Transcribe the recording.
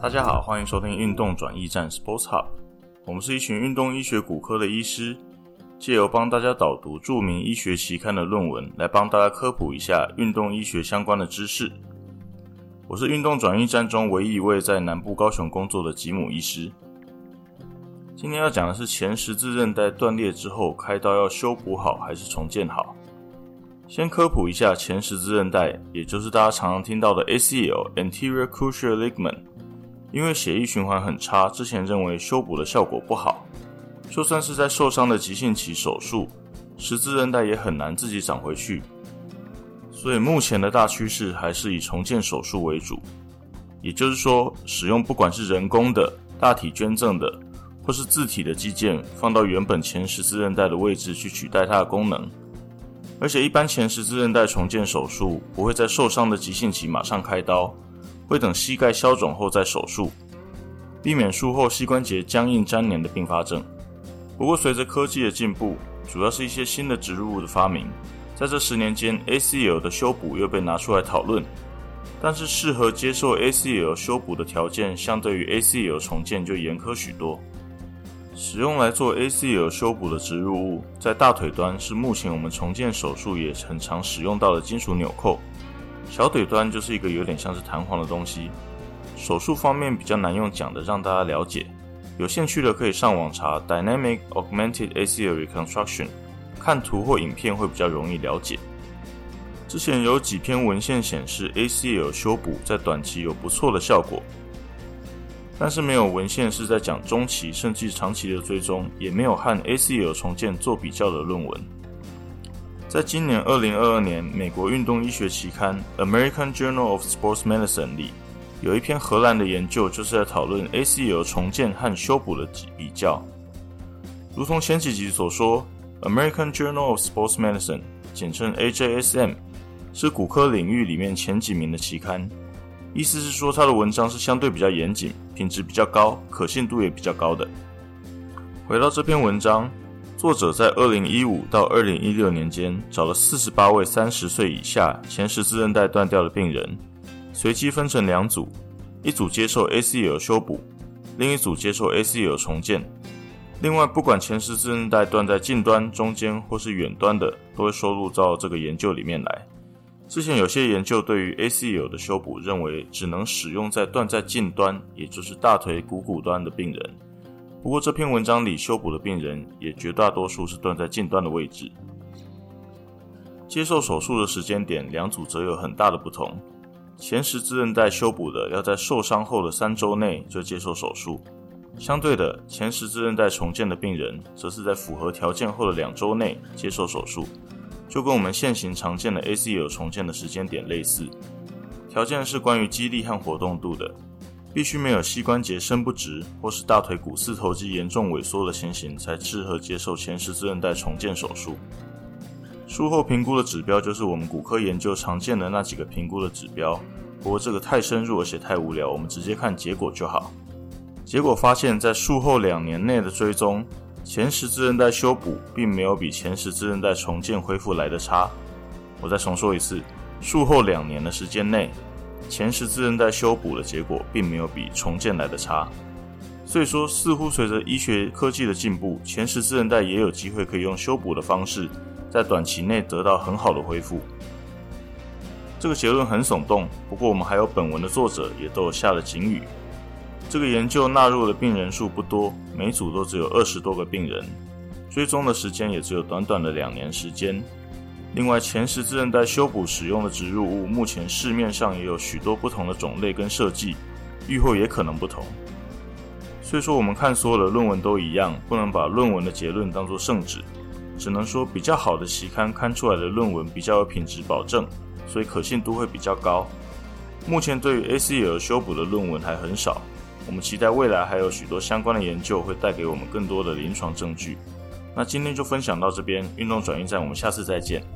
大家好，歡迎收聽運動轉譯站 Sports Hub。我們是一群運動醫學骨科的醫師，借由幫大家導讀著名醫學期刊的論文，來幫大家科普一下運動醫學相關的知識。我是運動轉譯站中唯一一位在南部高雄工作的吉姆醫師。今天要講的是前十字韌帶斷裂之後，開刀要修補好還是重建好？先科普一下前十字韌帶，也就是大家常常聽到的 ACL (Anterior Cruciate Ligament)。因為血液循環很差，之前認為修補的效果不好，就算是在受傷的急性期手術，十字韌帶也很難自己長回去。所以目前的大趨勢還是以重建手術為主，也就是說，使用不管是人工的、大體捐贈的，或是自體的肌腱，放到原本前十字韌帶的位置去取代它的功能。而且一般前十字韌帶重建手術不會在受傷的急性期馬上開刀，會等膝蓋消腫後再手術，避免術後膝關節僵硬粘連的并發症。不過隨着科技的進步，主要是一些新的植入物的發明，在這十年間，ACL 的修補又被拿出來討論，但是適合接受 ACL 修補的條件，相對於 ACL 重建就嚴苛許多。使用來做 ACL 修補的植入物，在大腿端是目前我們重建手術也很常使用到的金屬紐扣，小腿端就是一個有點像是彈簧的東西。手術方面比較難用講的，讓大家了解，有興趣的可以上網查 Dynamic Augmented ACL Reconstruction，看圖或影片會比較容易了解。之前有幾篇文獻顯示 ACL 修補在短期有不錯的效果。但是沒有文獻是在講中期甚至長期的追蹤，也沒有和 ACL 重建做比較的論文。在今年二零二二年，《美國運動醫學期刊》（American Journal of Sports Medicine） 裡有一篇荷蘭的研究，就是在討論 ACL 重建和修補的比較。如同前幾集所說，《American Journal of Sports Medicine》簡稱 AJSM，是骨科領域裡面前幾名的期刊。意思是說，他的文章是相對比較嚴謹、品質比較高、可信度也比較高的。回到這篇文章，作者在2015到2016年間找了48位30歲以下前十字韌帶斷掉的病人，隨機分成兩組，一組接受 ACL 修補，另一組接受 ACL 重建。另外，不管前十字韌帶斷在近端、中間或是遠端的，都會收錄到這個研究裡面來。之前有些研究對於 ACL 的修補，認為只能使用在斷在近端，也就是大腿股骨端的病人。不過這篇文章裡修補的病人也絕大多數是斷在近端的位置。接受手術的時間點兩組則有很大的不同，前十字韌帶修補的要在受傷後的三周內就接受手術，相對的前十字韌帶重建的病人則是在符合條件後的兩周內接受手術。就跟我們現行常見的 ACL 重建的時間點類似，條件是關於肌力和活動度的，必須沒有膝關節伸不直或是大腿股四頭肌嚴重萎縮的情形，才適合接受前十字韌帶重建手術。術後評估的指標就是我們骨科研究常見的那幾個評估的指標，不過這個太深入而且太無聊，我們直接看結果就好。結果發現，在術後兩年內的追蹤。前十字韌帶修補並沒有比前十字韌帶重建恢復來得差。我再重說一次，術後兩年的時間內，前十字韌帶修補的結果並沒有比重建來得差。所以說，似乎隨着醫學科技的進步，前十字韌帶也有機會可以用修補的方式，在短期內得到很好的恢復。這個結論很聳動，不過我們還有本文的作者也都有下了警語。這個研究納入的病人數不多，每組都只有二十多個病人，追蹤的時間也只有短短的兩年時間。另外，前十字韌帶修補使用的植入物，目前市面上也有許多不同的種類跟設計，預後也可能不同。所以說，我們看所有的論文都一樣，不能把論文的結論當作聖旨，只能說比較好的期刊刊出來的論文比較有品質保證，所以可信度會比較高。目前對於 ACL 修補的論文還很少。我們期待未來還有許多相關的研究會帶給我們更多的臨床證據。那今天就分享到這邊，運動轉譯站，我們下次再見。